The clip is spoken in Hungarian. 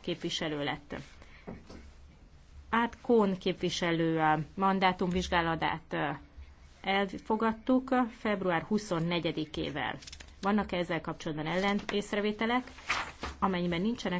képviselő lett. Át Kohn képviselő mandátum vizsgálatát elfogadtuk február 24-ével. Vannak -e ezzel kapcsolatban ellen észrevételek, amennyiben nincsenek,